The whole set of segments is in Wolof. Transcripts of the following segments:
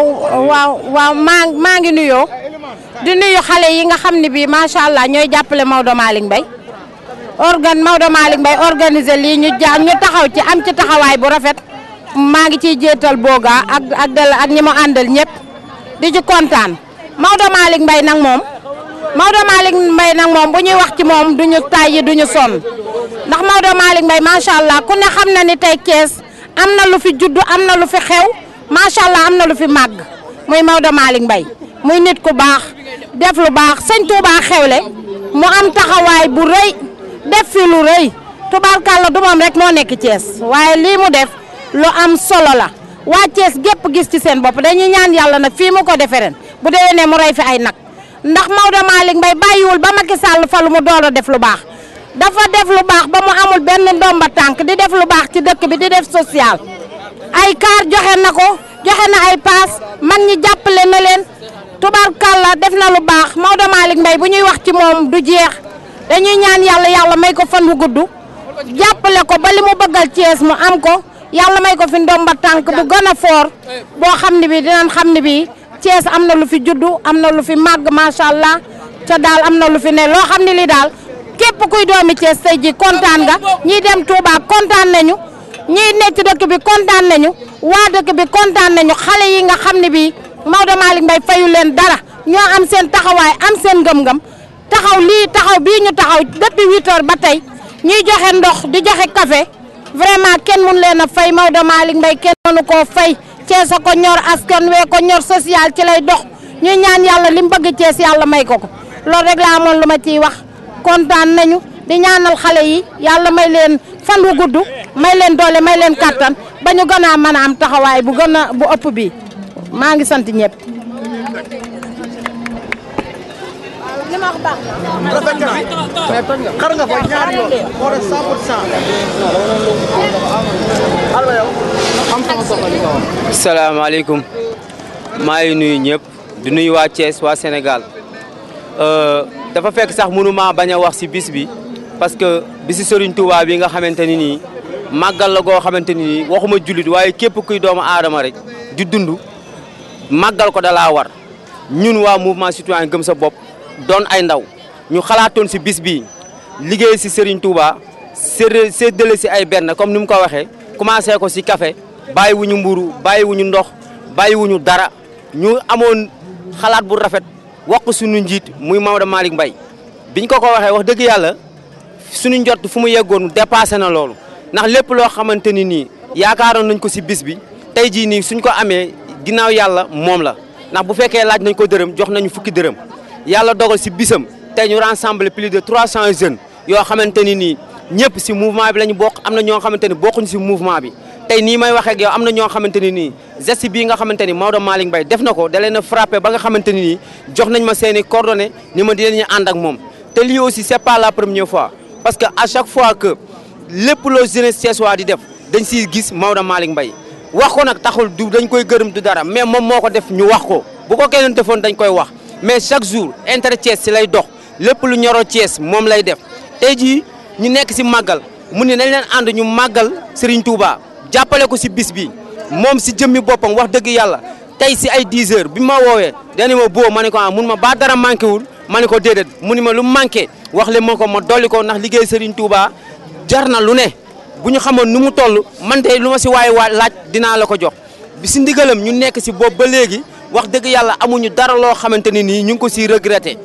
waaw waaw waaw maa maa ngi nuyoo di nuyu xale yi nga xam ni bii macha allah ñooy jàppale Maodo Malick Mbaye organ Maodo organiser lii ñu ja ñu taxaw ci am ci taxawaay bu rafet maa ngi ciy jéetal booga ak ak dal ak ñi ma àndal ñëpp di ci kontaan Maodo Malick Mbaye nag moom Maodo Malick Mbaye nag moom bu ñuy wax ci moom duñu tàyyi duñu sonn ndax Maodo Malick Mbaye macha allah ku ne xam na ni tey Thiès am na lu fi judd am na lu fi xew. macha allah am na lu fi màgg muy Maodo Malick Mbaye muy nit ku baax def lu baax sëñ Touba xewle mu am taxawaay bu rëy def fi lu rëy tubaarkàlla du moom rek moo nekk Thiès waaye lii mu def lu am solo la waa Thiès gépp gis ci seen bopp dañuy ñaan yàlla nag fii mu ko defee ren bu déwénee mu rey fi ay nag ndax Maodo Malick Mbaye bàyyiwul ba Macky Sall fa lu mu door def lu baax dafa def lu baax ba mu amul benn ndomba tànk di def lu baax ci dëkk bi di def social. ay kaar joxe na ko joxe na ay paas man ñi jàppale na leen tubarkalla def na lu baax Maodo Malick Mbaye bu ñuy wax ci moom du jeex dañuy ñaan yàlla yàlla may ko fan gudd jàppale ko ba li mu bëggal Thiès mu am ko yàlla may ko fi ndomba tànk bu gën foor boo xam ni bi dinañ xam ne bi Thiès am na lu fi juddu am na lu fi màgg macha allah ca daal am na lu fi ne loo xam ne li daal képp kuy doomi Thiès tey ji kontaan nga ñiy dem Touba kontaan nañu ñii nekk ci dëkk bi kontaan nañu waa dëkk bi kontaan nañu xale yi nga xam ne bii Maodo Malick Mbaye fayu leen dara ñoo am seen taxawaay am seen ngëm-ngëm taxaw lii taxaw bii ñu taxaw depuis huit heures ba tey ñuy joxe ndox di joxe kafe vraiment kenn mun leen a fay Maodo Malick Mbaye kenn mënu koo fay Cees a ko ñor askan wee ko ñor social ci lay dox ñuy ñaan yàlla li mu bëgg Cees yàlla may ko ko loolu rek amoon lu ma ciy wax kontaan nañu di ñaanal xale yi yàlla may leen fan wu may leen doole may leen kàttan ba ñu gën a am taxawaay bu gën bu ëpp bi maa ngi sant ñëpp. li ma wax baax na. rafet na maa ngi nuyu ñëpp di nuyu waa Thiès waa Sénégal euh, dafa fekk sax mënu maa bañ a wax si bis bi parce que bisi Serigne Touba bi nga xamante ni nii màggal la goo xamante ni waxuma jullit waaye képp kuy doomu aadama rek di dund màggal ko dalaa war ñun waa mouvement citoyen gëm sa bopp doon ay ndaw ñu xalaatoon si bis bii liggéey si Serigne Touba séddale si ay benn comme ni mu ko waxee commencé ko si café bàyyi wuñu mburu bàyyi wuñu ndox bàyyi wuñu dara ñu amoon xalaat bu rafet wax suñu njiit muy Maodo Malick Mbaye biñ ko ko waxee wax dëgg yàlla suñu njot fu mu yeggoon dépassé na loolu ndax lépp loo xamante ni nii yaakaaroon nañ ko si bis bi tey ji nii suñ ko amee ginnaaw yàlla moom la ndax bu fekkee laaj nañ ko dërëm jox nañu fukki dërëm yàlla dogal si bisam tey ñu rassemble plus de 300 jeunes yoo xamante ni nii ñëpp si mouvement bi lañu bokk am na ñoo xamante ni bokkuñ si mouvement bi tey nii may waxee ak am na ñoo xamante ni nii geste bii nga xamante ni Maodo Malick bay def na ko da leen a ba nga xamante ni nii jox nañ ma seen i ni ma dinañu ànd ak moom te lii aussi c'est pas la première fois fois lépp loo jeunesse Thiessois di def dañ si gis Maodo Malick Mbaye wax ko nag taxul du dañ koy gërëm du dara mais moom moo ko def ñu wax ko bu ko keneen defoon dañ koy wax mais chaque jour intérêt Thiès si lay dox lépp lu ñoro Thiès moom lay def tey jii ñu nekk si màggal mu ne nañ leen ànd ñu màggal Serigne Touba jàppale ko si bis bi moom si jëmmi boppam wax dëgg yàlla tey si ay 10 heures bi ma woowee dani ma boo ma ne ko ah mun ma ba dara manqué wul ma ne ko déedéet mu ni ma lu manqué wax le ma ko ma dolli ndax liggéey Serigne Touba jar na lu ne bu ñu xamoon nu mu toll man tey lu ma si waay waa laaj dinaa la ko jox bi si ndigalam ñu nekk si boobu ba léegi wax dëgg yàlla amuñu dara loo xamante ni nii ñu ngi ko siy regretté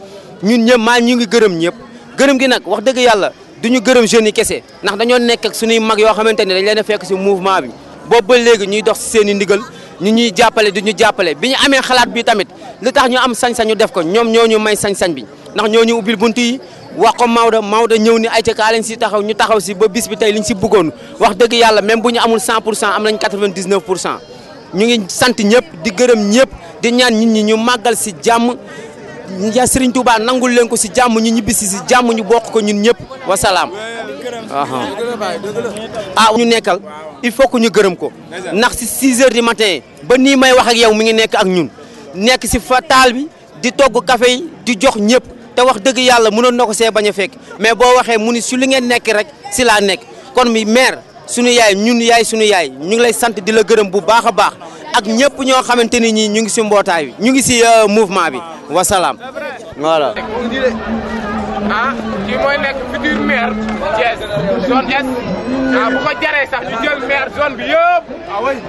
ñun ñëpp maa ñu ngi gërëm ñëpp gërëm gi nag wax dëgg yàlla du ñu gërëm jeunes yi kese ndax dañoo nekk ak suñuy mag yoo xamante ni dañ leen a fekk si mouvement bi boobu ba léegi ñuy dox si seeni ndigal ñu ñuy jàppale du ñu jàppale bi ñu amee xalaat bi tamit li tax ñu am sañ-sañu def ko ñoom ñoo ñu may sañ bi wax ko Maodo Maodo ñëw ni ay ca kaa lañ si taxaw ñu taxaw si ba bis bi tey liñ si bëggoon wax dëgg yàlla même bu ñu amul 100 pour cent am nañ 99 pour cent ñu ngi sant ñëpp di gërëm di ñaan nit ñi ñu màggal si jàmm ya Serigne Touba nangul leen ko si jàmm ñu ñibbisi si jàmm ñu bokk ko ñun ñëpp wasalaam. a ah, ñu nekkal il faut que ñu gërëm ko ndax si 6 heures du matin ba nii may wax ak yow mi ngi nekk ak ñun nekk si fa taal bi di togg café yi di jox ñëpp. te wax dëgg yàlla mënoon na ko see bañ a fekk mais boo waxee mu ni si li ngeen nekk rek si laa nekk kon mi maire suñu ñun yaay suñu yaay ñu ngi lay sant di la gërëm bu baax a baax ak ñëpp ñoo xamante ni ñii ñu ngi si mbootaay bi ñu ngi si euh, mouvement bi wasalaam voilà ah, mooy nekk futur maire Thiès zone est ah bu ko jaree sax ñu jël maire zone bi yëpp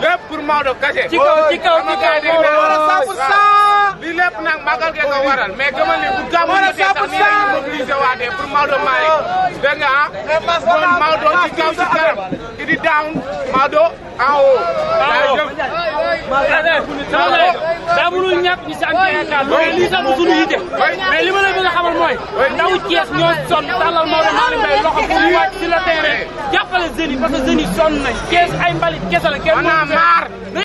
lépp pour Maodo kese. ci kaw ci kaw ci kaw li lépp nag màggal gee ko waral mais gëmal ni bu gàmmu jotee sax nii la ñuy mobilisé waatee pour Maodo Malick dégg nga ah eh, doon Maodo ci kaw ci kanam ki di down Maodo en haut. daa ma la gën a xamal mooy ndaw Thiès ñoo sonn tàllal Maodo Malick Mbaye loxo pour mu wàcc si le terrain eh. jàppale jeunes yi parce que jeunes yi sonn nañ Thiès ay mbalit kese la kenn mënu